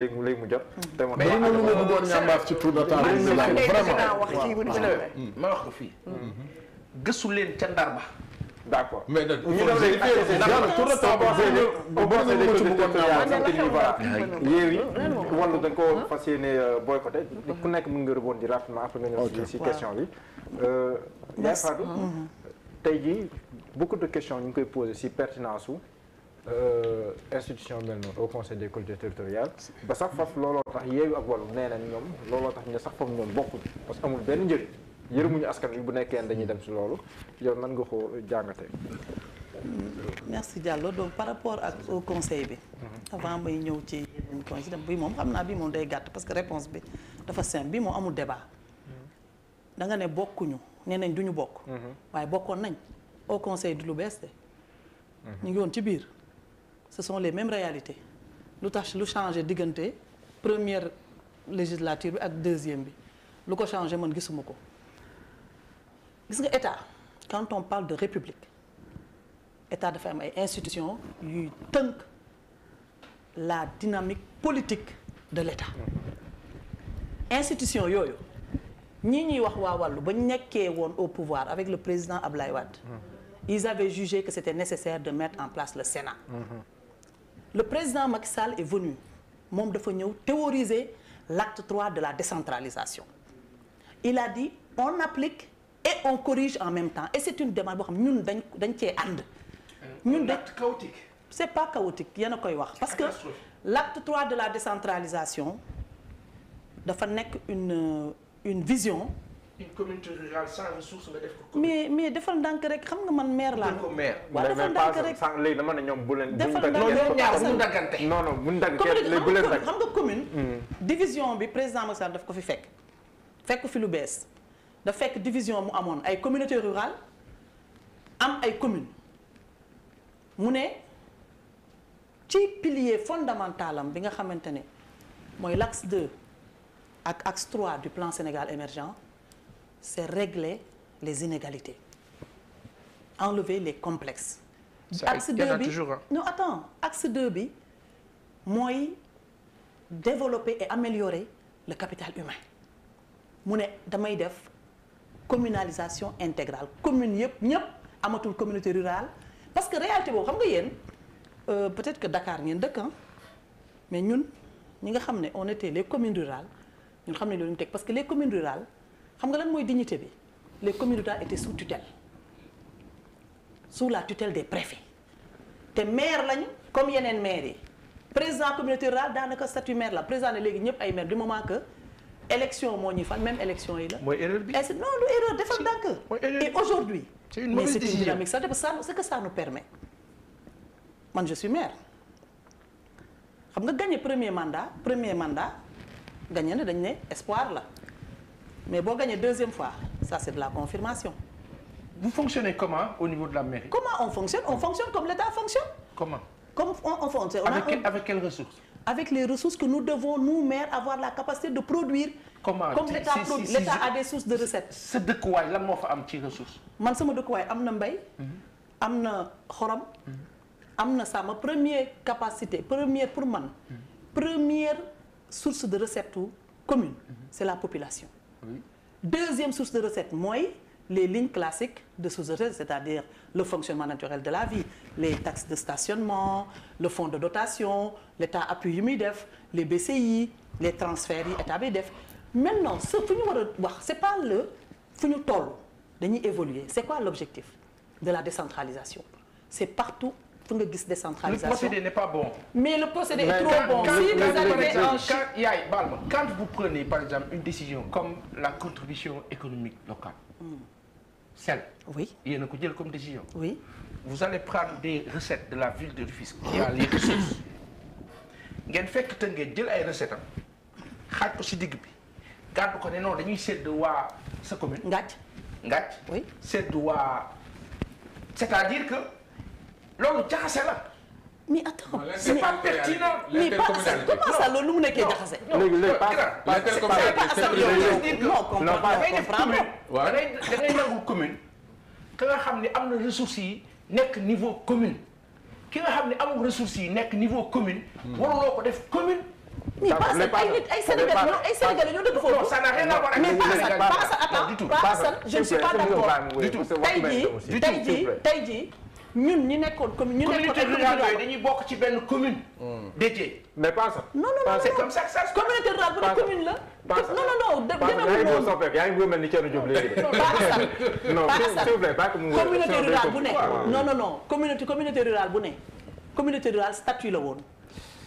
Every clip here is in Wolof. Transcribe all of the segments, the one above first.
léegi mu léegi mu jot. te mu mais ma bëggoon ñambaaf ci tour de temps vraiment mm-hmm. ma wax ko fii. Mm-hmm. gëstu leen ca ndar ba. d'accord mais nag. ñu dem léegi tour de temps boo boo xam ne dañu ko def dañ ko fas yéene euh, boycotté ku nekk mën nga rebondir rapidement après nga ñëw si question bi. Euh, merci yaay Fatou. Mm-hmm. tey jii beaucoup de questions ñu ngi koy posé si pertinence su. Euh, institution mel noonu au conseil des collectivités territoriales ba sax faf looloo tax yeewu ak wàllu nee na ñoom looloo tax ñu sax foofu ñoom bokkul parce que amul benn njëriñ yërëmuñu askan wi bu nekkee dañuy dem si loolu yow nan nga ko jàngatee. merci Diallo donc par rapport ak au conseil bi. Mhm. avant may ñëw ci yeneen conseil bi moom xam naa bii moom day gàtt parce que réponse bi dafa simple bii moom amul débat. Mhm. da nga ne bokkuñu nee nañ duñu bokk. Mhm. waaye bokkoon nañ au conseil du lu bees de. ñu ngi woon ci biir. ce sont les mêmes réalités lu tax lu changé diggante première législature bi ak deuxième bi lu ko changé man gisuma ko gis nga état quand on parle de république état dafa am ay institutions yuy tënk la dynamique politique de l'état institution yooyu ñii ñuy wax waa wàllu ba nekkee woon au pouvoir avec le président Ablaye Wade mm-hmm. ils avaient jugé que c'était nécessaire de mettre en place le Sénat. Mmh. le président Macky Sall est venu moom dafa ñëw théoriser l'acte trois de la décentralisation il a dit on applique et on corrige en même temps et c'est une démarche boo xam ñun dañ dañ cee ànd ñun dañ chaotique c'est pas chaotique yéen a koy wax parce que l'acte 3 de la décentralisation dafa nekk une une vision une communauté rurale sans ressources nga def ko. mais mais defal ndànk rek xam nga man maire laa. ko maire waaw defal ndànk rek mais léegi dama ne ñoom bu leen. defal ndànk rek ñoom ñaar bu daggante. non non bu daggante bu leen dagg xam nga commune. Hmm. division bi président Macky Sall daf ko fi fekk. fekk fi lu bees da fekk division mu amoon ay communauté rurale am ay commune mu ne ci pilier fondamental am bi nga xamante ne mooy l'axe 2 ak axe 3 du plan Sénégal émergent c'est régler les inégalités enlever les complexes. axe 2 bi non attends axe 2 bi mooy développer et améliorer le capital humain mu ne damay def communalisation intégrale commune yëpp ñëpp amatul communauté rurale parce que réalité boobu xam nga yéen euh, peut-être que Dakar ngeen dëkk mais ñun ñi nga xam ne on était les communes rurales ñun xam ne loolu ñu teg parce que les communes rurales. xam nga lan mooy dignité bi les communautés étaient sous tutelle sous la tutelle des préfets te maire lañu comme yeneen maire yi président communauté rurale daanaka statut maire la président ne léegi ñëpp ay maire du moment que élection moo ñuy fan même élection yi la. mooy erreur bi non du erreur defal ndànk. et aujourd'hui c'est une mauvaise décision mais c'est une dynamique ça parce que ce que ça nous permet man je suis maire xam nga gagné premier mandat premier mandat gagné na dañ ne espoir la. mais boo gagné deuxième fois ça c'est de la confirmation. comment au niveau de la mairie. comment on fonctionne on fonctionne comme l'État fonctionne. comment comme on on fonctionne. on avec quel, avec quelles ressources. avec les ressources que nous devons nous maires avoir la capacité de produire. comment l'État a des sources de recettes. sa dëkkuwaay lan moo fa am ci ressources. man sama dëkkuwaay am na mbay. Mhm. am na xorom. Mhm. am na sama première capacité première pour man. Mhm. première source de recette commune. c'est la population. deuxième source de recette mooy les lignes classiques de source de recette c'est-à-dire le fonctionnement naturel de la vie les taxes de stationnement le fonds de dotation l'état appui yi muy def les BCI les transferts yi état bi def maintenant ce fu ñu war a wax c'est pas le fu ñu toll dañuy évoluer c'est quoi l'objectif de la décentralisation c'est partout pour nga gis décentralisation. le procédé n'est pas bon. mais le procédé mais est trop quand, bon. Quand, si vous arrivez en Chine yaay baal ma quand vous prenez par exemple une décision comme la contribution économique locale. celle. Hmm. oui yéen a ko jël comme décision. oui vous allez prendre des recettes de la ville de Rufisque. y a les ressources. ngeen fekk te ngeen jël ay recettes am xaaj ko si digg bi gàddu ko ne non dañuy sédd waa sa commune. Ngathie Ngathie. oui sédd waa c'est-à-dire que. loolu jaxase la. mais attends c'est pas pertinent. mais pas Assane comment ça loolu nu mu nekkee jaxase. léegi léegi pas da ngay nangu commune. ki nga xam ne am na ressources yi nekk niveau commune ki nga xam ne amul ressources yi nekk niveau commune. Hmm. waruloo ko def commune. mais Paa Assane ay nit ay Sénégalais ñoo ay Sénégalais ñoo dëkk foofu. mais Paa Assane Paa Assane attends Paa Assane je ne suis pas d'accord tey jii tey jii tey jii. ñun ñu nekkoon commune. ñu nekkoon ay dañuy bokk ci benn commune. Hmm. déedéet mais pas ça. non non non c'est comme ça ça communauté rurale bu ne commune la. pas ça non non non demewul noonu. yaa ngi mel ni Thierno Diop léegi de. non communauté rurale bu ne. non non non communauté communauté rurale bu ne. communauté rurale statut la woon.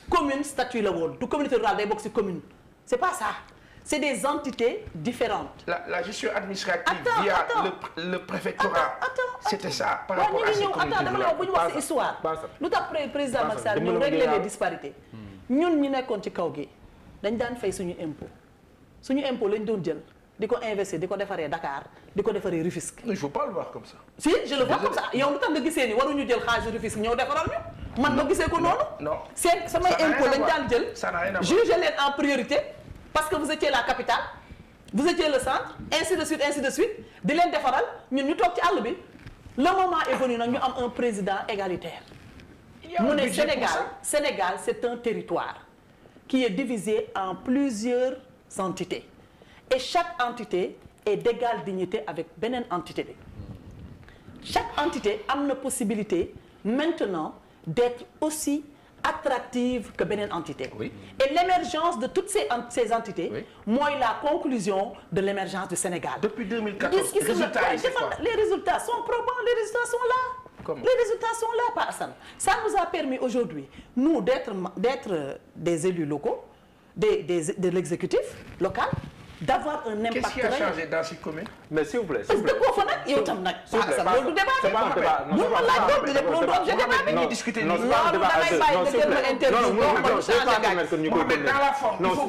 commune statut la woon du communauté rurale day bokk ci commune c'est pas ça. c'est des entités différentes. la la gestion administrative. Attends, via attends. le le préfectorat. bu ñu wax ci histoire. lu tax président Macky Sall ñun régler les disparités. Hmm. ñun ñu nekkoon ci kaw gi dañ daan fay suñu impôt suñu impôt lañ doon jël. di ko investir di ko defaree dakaar di ko defaree Rufisque. il faut pas le voir comme ça. si je le vois comme ça yow lu tax nga gisee ni waruñu jël xaalisu Rufisque ñëw defaral ñu. man ma gisee ko noonu. non seen samay impôt lañ daan jël. juge leen parce que vous étiez la capitale vous étiez le centre ainsi de suite ainsi de suite di leen defaral ñun ñu toog ci àll bi le moment est venu nag ñu am un président égalitaire mu ne Sénégal Sénégal c'est un territoire qui est divisé en plusieurs entités et chaque entité est d'égale dignité avec beneen entité bi chaque entité am na possibilité maintenant d'être aussi attractive que beneen entité. Oui. et l'émergence de toutes ces ent ces entités. Oui. mooy la conclusion de l'émergence du Sénégal. depuis 2014 résultats yi c'est quoi les résultats sont probants les résultats sont là. Comment? les résultats sont là Pa Assane ça nous a permis aujourd'hui nous d'être d'être euh, des élus locaux des des de l'exécutif local. d'avoir un impact. Qu'est-ce qui a changé dans ces communes mais s'il vous plaît s'il vous plaît parce que koo fa nag yow tam nag. s'il vous plaît loolu du débat bi. bu ma laaj doon di rek loolu doon je débat bi. non non non non non s'il vous plaît non non non non non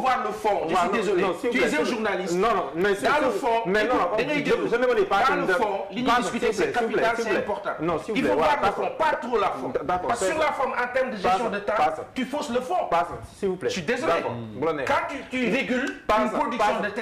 non non non non non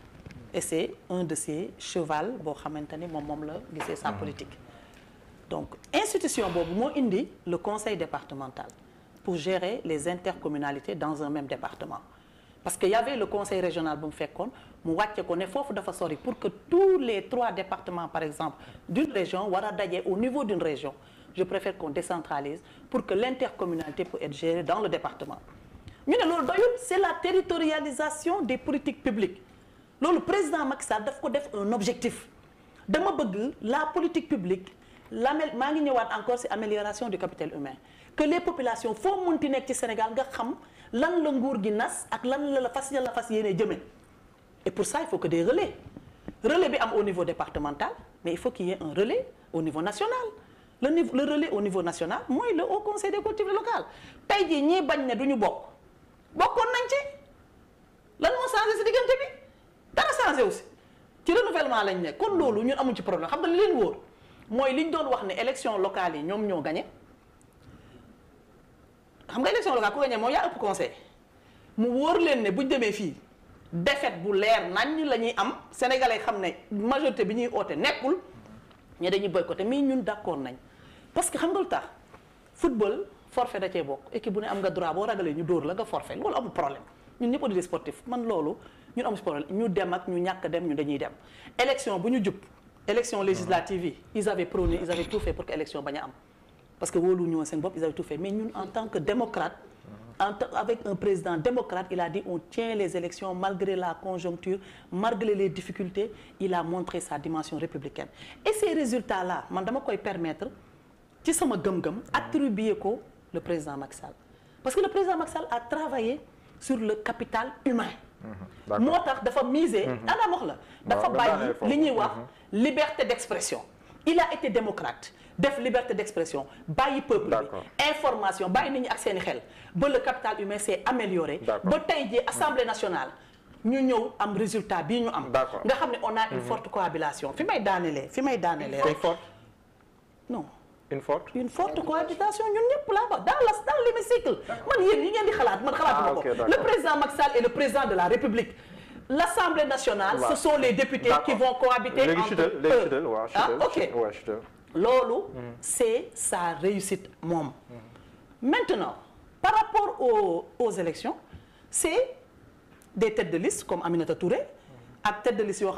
et un de ses cheval boo xamante ni moom moom la gisee sa mmh. politique donc institution boobu moo indi le conseil départemental pour gérer les intercommunalités dans un même département parce que y le conseil régional bu mu fekkoon mu wàcce ko ne foofu dafa sori pour que tous les trois départements par exemple d'une région war a daje au niveau d'une région je préfère qu'on décentralise pour que l'intercommunalité puisse être gérée dans le département ñu des politiques publiques loolu président Macky Sall daf ko def un objectif dama bëgg la politique publique l'amel maa ngi ñëwaat encore ci amélioration du capital humain que les populations foo munti nekk ci Sénégal nga xam lan la nguur gi nas ak lan la la fas la fas yéene jëme et pour ça il faut que des relais relais bi am au niveau départemental mais il faut qu'il y un relais au niveau national le niveau le relais au niveau national mooy le haut conseil des collectivités locales tey jii ñii bañ ne du bokk gouvernement lañ ne kon loolu ñun amuñ ci problème xam nga li leen wóor mooy liñ doon wax ne élection locale yi ñoom ñoo gagné xam nga élection locale ku gagné moom yaa ëpp conseil mu wóor leen ne buñ demee fii défaite bu leer nañ la ñuy am sénégalais xam ne majorité bi ñuy oote nekkul ñe dañuy boycotté mais ñun d'accord nañ parce que xam nga lu tax football forfait da cee bokk équipe bu ne am nga droit boo ragalee ñu dóor la nga forfait loolu amul problème ñun ñëpp di sportif man loolu ñun amuñu problème ñu dem ak ñu ñàkk dem ñu dañuy dem élection bu ñu jub élection législative yi ils avaient prôné ils avaient tout fait pour que élection bañ a am parce que wóolu ñu woon seen bopp ils avaient tout fait mais en tant que démocrate en avec un président démocrate il a dit on tient les élections malgré la conjoncture malgré les difficultés il a montré sa dimension républicaine et ces résultats là man dama koy permettre ci sama gëm-gëm attribuer ko le président Macky Sall parce que le le capital moo tax dafa miser. Mhm. ana wax la dafa bàyyi li ñuy wax mhm. liberté d'expression. il a été démocrate def liberté d'expression bàyyi peuple bi information bàyyi nit ñi ak seeni xel ba le capital humain s'est amélioré ba tey jii assemblée nationale ñu ñëw am résultat bi ñu am nga xam ne on a une mhm. forte cohabitation fi may daanelee fi may daanelee rek non une forte une forte cohabitation ñun ñëpp là-bas dans la dans ah, le président Macky Sall est le président de la République l'Assemblée nationale ce sont les députés qui vont cohabiter entre eux ah ok mm-hmm. c'est sa réussite moom mm-hmm. maintenant par rapport aux aux élections c'est des têtes de liste comme Aminata Touré mm-hmm. ak tête de liste yoo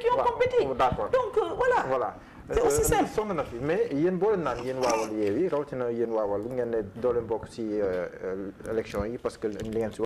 qui ont compétit donc euh, voilà c'est aussi euh, simple sonn na fi mais yéen boo leen naan yéen waawal yeewi rawatina yéen waawal ngeen ne doo leen bokk ci euh, euh, élection yi parce que li ngeen si